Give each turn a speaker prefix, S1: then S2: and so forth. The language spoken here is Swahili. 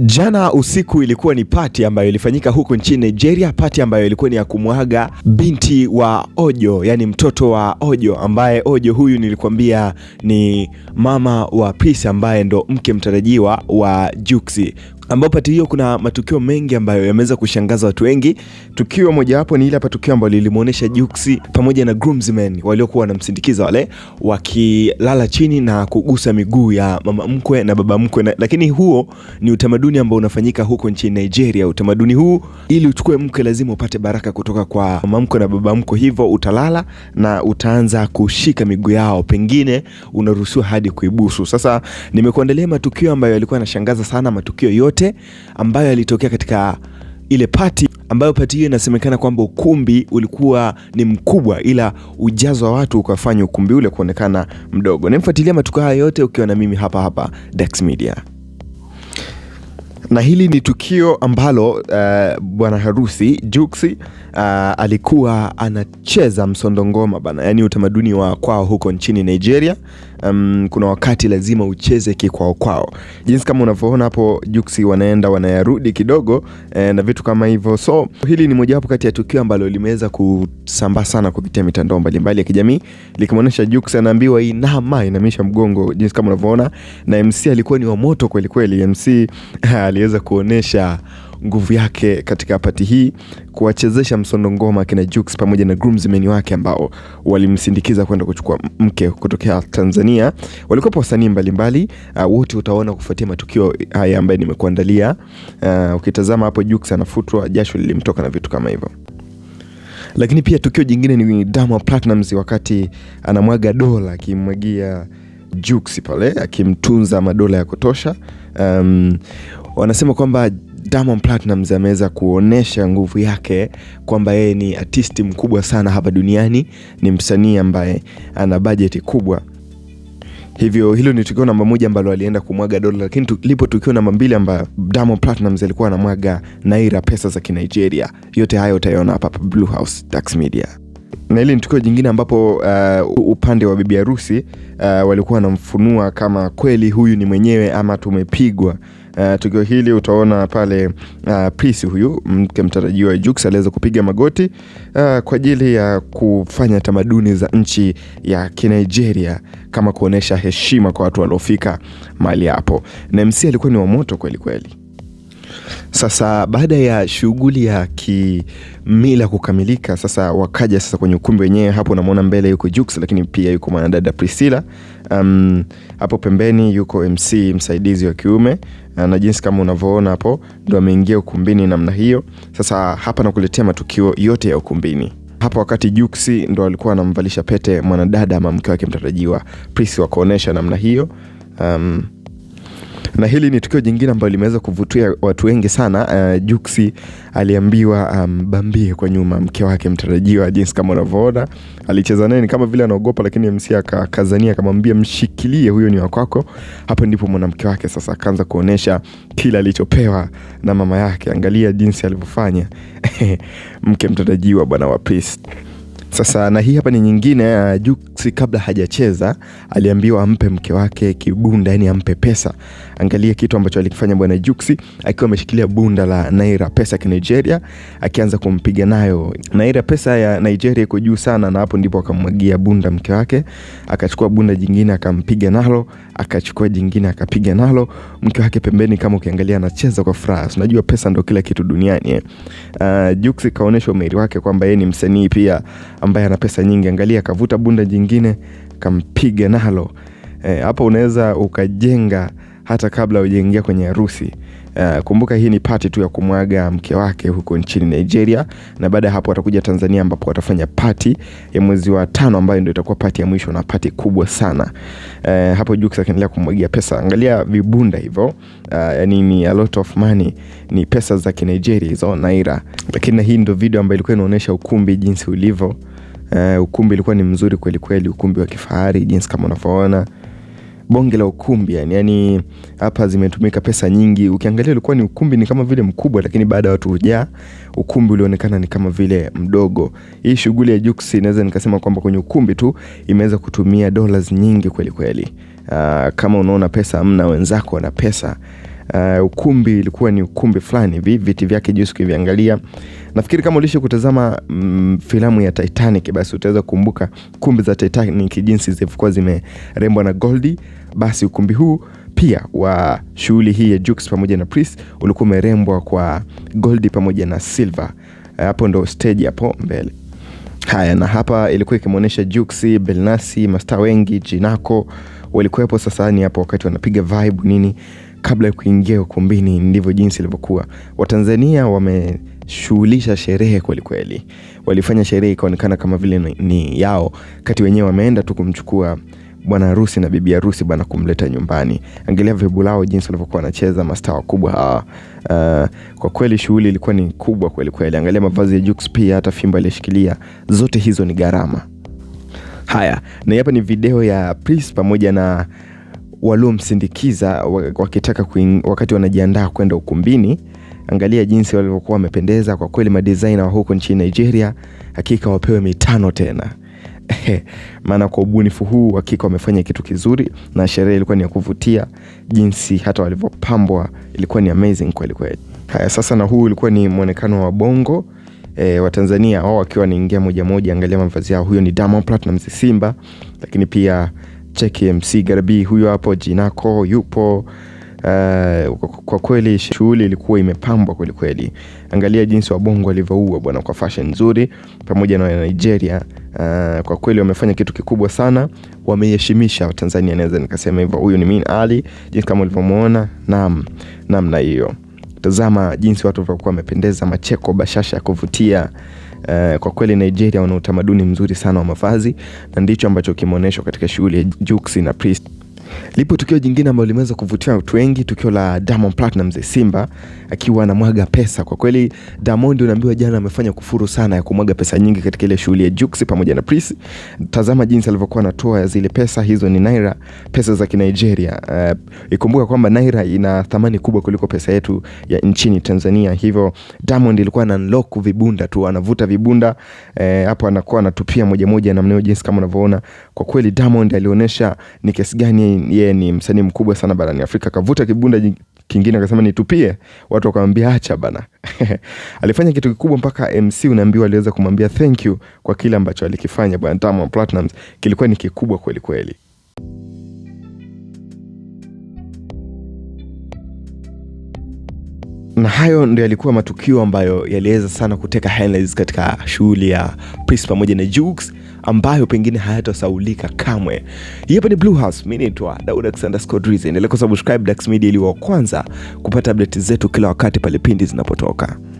S1: Jana usiku ilikuwa ni pati ambayo ilifanyika huko nchini Nigeria, pati ambayo ilikuwa ni ya kumwaga binti wa Ojo, yani mtoto wa Ojo, ambaye Ojo huyu nilikwambia ni mama wa Peace, ambaye ndo mke mtarajiwa wa Juksi ambapo pati hiyo kuna matukio mengi ambayo yameweza kushangaza watu wengi. Tukio mojawapo ni ile hapa, tukio ambalo lilimuonesha Jux pamoja na groomsmen waliokuwa wanamsindikiza wale wakilala chini na kugusa miguu ya mama mkwe na baba mkwe na, lakini huo ni utamaduni ambao unafanyika huko nchini Nigeria. Utamaduni huu, ili uchukue mkwe, lazima upate baraka kutoka kwa mama mkwe na baba mkwe, hivyo utalala na utaanza kushika miguu yao, pengine unaruhusiwa hadi kuibusu. Sasa nimekuandalia matukio ambayo yalikuwa yanashangaza sana, matukio yote yote ambayo yalitokea katika ile pati ambayo pati hiyo inasemekana kwamba ukumbi ulikuwa ni mkubwa, ila ujazo wa watu ukafanya ukumbi ule kuonekana mdogo. Nimfuatilia matukio haya yote ukiwa na mimi hapa hapa Dax Media, na hili ni tukio ambalo uh, bwana harusi Juksi uh, eh, alikuwa anacheza msondongoma bana, yani utamaduni wa kwao huko nchini Nigeria um, kuna wakati lazima ucheze kikwao kwao, jinsi kama unavyoona hapo, Juksi wanaenda wanayarudi kidogo eh, na vitu kama hivyo. So hili ni mojawapo kati ya tukio ambalo limeweza kusambaa sana kupitia mitandao mbalimbali ya kijamii likimwonyesha Juksi anaambiwa hii nama inamisha mgongo, jinsi kama unavyoona, na MC alikuwa ni wa moto kweli kweli. MC aliweza kuonesha nguvu yake katika pati hii kuwachezesha msondo ngoma kina Jux pamoja na groomsmen wake ambao walimsindikiza kwenda kuchukua mke kutokea Tanzania. Walikuwepo wasanii mbalimbali ah, wote, uh, utaona kufuatia matukio haya ambayo nimekuandalia. Uh, ukitazama hapo Jux anafutwa, jasho lilimtoka na vitu kama hivyo lakini pia tukio jingine ni Diamond Platnumz wakati anamwaga dola akimwagia Jux pale akimtunza madola ya kutosha. Um, wanasema kwamba Diamond Platnumz ameweza kuonesha nguvu yake kwamba yeye ni artisti mkubwa sana hapa duniani, ni msanii ambaye ana bajeti kubwa. Hivyo hilo ni tukio namba moja ambalo alienda kumwaga dola, lakini lipo tukio namba mbili ambayo Diamond Platnumz alikuwa anamwaga naira, pesa za Kinigeria. Yote hayo utaiona hapa hapa Blue House Dax Media na hili ni tukio jingine ambapo uh, upande wa bibi harusi uh, walikuwa wanamfunua kama kweli huyu ni mwenyewe ama tumepigwa. Uh, tukio hili utaona pale uh, eh, Prisi huyu mke mtarajiwa Jux aliweza kupiga magoti uh, kwa ajili ya kufanya tamaduni za nchi ya Kinigeria kama kuonesha heshima kwa watu waliofika mahali hapo, na MC alikuwa ni wa moto kweli kweli. Sasa baada ya shughuli ya kimila kukamilika, sasa wakaja sasa kwenye ukumbi wenyewe. Hapo unamwona mbele yuko Jux, lakini pia yuko mwanadada Priscilla. Um, hapo pembeni yuko MC msaidizi wa kiume Eh, na jinsi kama unavyoona hapo ndo ameingia ukumbini namna hiyo. Sasa hapa nakuletea matukio yote ya ukumbini hapa wakati Juksi ndo alikuwa anamvalisha pete mwanadada ama mke wake mtarajiwa Prisi, wakuonesha namna hiyo um, na hili ni tukio jingine ambalo limeweza kuvutia watu wengi sana. Uh, Juksi aliambiwa ambambie um, kwa nyuma mke wake mtarajiwa, jinsi kama unavyoona alicheza naye ni kama vile anaogopa, lakini MC akakazania akamwambia, mshikilie, huyo ni wakwako. Hapo ndipo mwanamke wake sasa akaanza kuonesha kila alichopewa na mama yake. Angalia jinsi alivyofanya mke mtarajiwa, bwana wa Peace. Sasa na hii hapa ni nyingine ya eh, Jux, kabla hajacheza aliambiwa ampe mke wake kibunda, yani ampe pesa. Angalia kitu ambacho alikifanya bwana Juksi akiwa ameshikilia bunda la naira pesa ya Nigeria, akianza kumpiga nayo. Naira pesa ya Nigeria iko juu sana, na hapo ndipo akamwagia bunda mke wake. Akachukua bunda jingine akampiga nalo, akachukua jingine akapiga nalo. Mke wake pembeni, kama ukiangalia, anacheza kwa furaha. Unajua pesa ndo kila kitu duniani eh. Uh, ah, Juksi kaonyesha umahiri wake kwamba yeye ni msanii pia ambaye ana pesa nyingi, angalia akavuta bunda jingine kampiga nalo. Eh, hapo e, unaweza ukajenga hata kabla ujaingia kwenye harusi. Uh, kumbuka hii ni pati tu ya kumwaga mke wake huko nchini Nigeria, na baada ya hapo atakuja Tanzania ambapo atafanya pati ya mwezi wa tano ambayo ndio itakuwa pati ya mwisho na pati kubwa sana. Uh, hapo Jux akaendelea kumwagia pesa, angalia vibunda hivyo, uh, yani ni a lot of money, ni pesa za Kinigeria hizo naira, lakini na hii ndio video ambayo ilikuwa inaonyesha ukumbi jinsi ulivyo. Uh, ukumbi ilikuwa ni mzuri kweli kweli, ukumbi wa kifahari jinsi kama unavyoona bonge la ukumbi yani, yani hapa zimetumika pesa nyingi. Ukiangalia ulikuwa ni ukumbi ni kama vile mkubwa, lakini baada ya watu hujaa ukumbi ulionekana ni kama vile mdogo. Hii shughuli ya Jux inaweza nikasema kwamba kwenye ukumbi tu imeweza kutumia dollars nyingi kweli kweli. Aa, ah, kama unaona pesa hamna, wenzako na pesa uh, ukumbi ilikuwa ni ukumbi fulani hivi, viti vyake juzi kuviangalia. Nafikiri kama ulisha kutazama mm, filamu ya Titanic, basi utaweza kukumbuka kumbi za Titanic jinsi zilivyokuwa zimerembwa na goldi. Basi ukumbi huu pia wa shughuli hii ya Jux pamoja na Priest ulikuwa umerembwa kwa goldi pamoja na silver. Eh, hapo ndo stage hapo mbele. Haya, na hapa ilikuwa ikimwonyesha Juksi, Belnasi, mastaa wengi, Jinako walikuwepo. Sasa ni hapo wakati wanapiga vibe nini kabla ya kuingia ukumbini. Ndivyo jinsi ilivyokuwa. Watanzania wameshughulisha sherehe kwelikweli, walifanya sherehe ikaonekana kama vile ni yao, kati wenyewe wameenda tu kumchukua bwana harusi na bibi harusi bwana, kumleta nyumbani. Angalia vibu lao jinsi walivyokuwa wanacheza, mastaa wakubwa hawa. Uh, eh, kwa kweli shughuli ilikuwa ni kubwa kweli kweli. Angalia mavazi ya Jux pia, hata fimbo aliyoshikilia, zote hizo ni gharama. Haya, na hapa ni video ya Pris pamoja na waliomsindikiza wakitaka kuing, wakati wanajiandaa kwenda ukumbini. Angalia jinsi walivyokuwa wamependeza kwa kweli, madesigner wa huko nchini Nigeria hakika wapewe mitano tena maana kwa ubunifu huu hakika wamefanya kitu kizuri, na sherehe ilikuwa ni ya kuvutia. Jinsi hata walivyopambwa ilikuwa ni amazing kweli kweli. Haya, sasa, na huu ulikuwa ni mwonekano wa bongo e, wa Tanzania wao wakiwa wanaingia moja moja. Angalia mavazi yao, huyo ni Diamond Platnumz Simba, lakini pia cheki MC huyo huyu hapo, Jinako yupo. Uh, kwa kweli shughuli ilikuwa imepambwa kweli kweli. Angalia jinsi wabongo walivyoua bwana, kwa fashion nzuri pamoja na Nigeria. Uh, kwa kweli wamefanya kitu kikubwa sana, wameheshimisha tanzania naweza nikasema hivyo. Huyu ni Min Ali jinsi kama ulivyomuona, naam, namna hiyo. Tazama jinsi watu walivyokuwa wamependeza, macheko bashasha ya kuvutia. Eh, kwa kweli Nigeria wana utamaduni mzuri sana wa mavazi na ndicho ambacho kimeonyeshwa katika shughuli ya Jux na Priest. Lipo tukio jingine ambalo limeweza kuvutia watu wengi, tukio la Diamond Platnumz Simba akiwa anamwaga pesa. Kwa kweli Diamond unaambiwa jana amefanya kufuru sana ya kumwaga pesa nyingi katika ile shughuli ya Jux pamoja na Pris. Tazama jinsi alivyokuwa anatoa zile pesa hizo, ni naira, pesa za Kinigeria. Uh, ikumbuka kwamba naira ina thamani kubwa kuliko pesa yetu ya nchini Tanzania, hivyo Diamond ilikuwa na unlock vibunda tu, anavuta vibunda eh, hapo, eh, anakuwa anatupia moja moja namna hiyo, jinsi kama unavyoona. Kwa kweli Diamond alionyesha ni kiasi gani yeye ni msanii mkubwa sana barani Afrika. Akavuta kibunda kingine akasema nitupie, watu wakamwambia acha bana. Alifanya kitu kikubwa mpaka MC unaambiwa aliweza kumwambia thank you kwa kile ambacho alikifanya bwana Diamond Platnumz, kilikuwa ni kikubwa kweli kweli. na hayo ndio yalikuwa matukio ambayo yaliweza sana kuteka headlines katika shughuli ya pris pamoja na Jux ambayo pengine hayatosaulika kamwe. Hii hapa ni Blue House, mimi naitwa Daud_Drizzy. Endelea kusubscribe Dax Media ili wa kwanza kupata update zetu kila wakati pale pindi zinapotoka.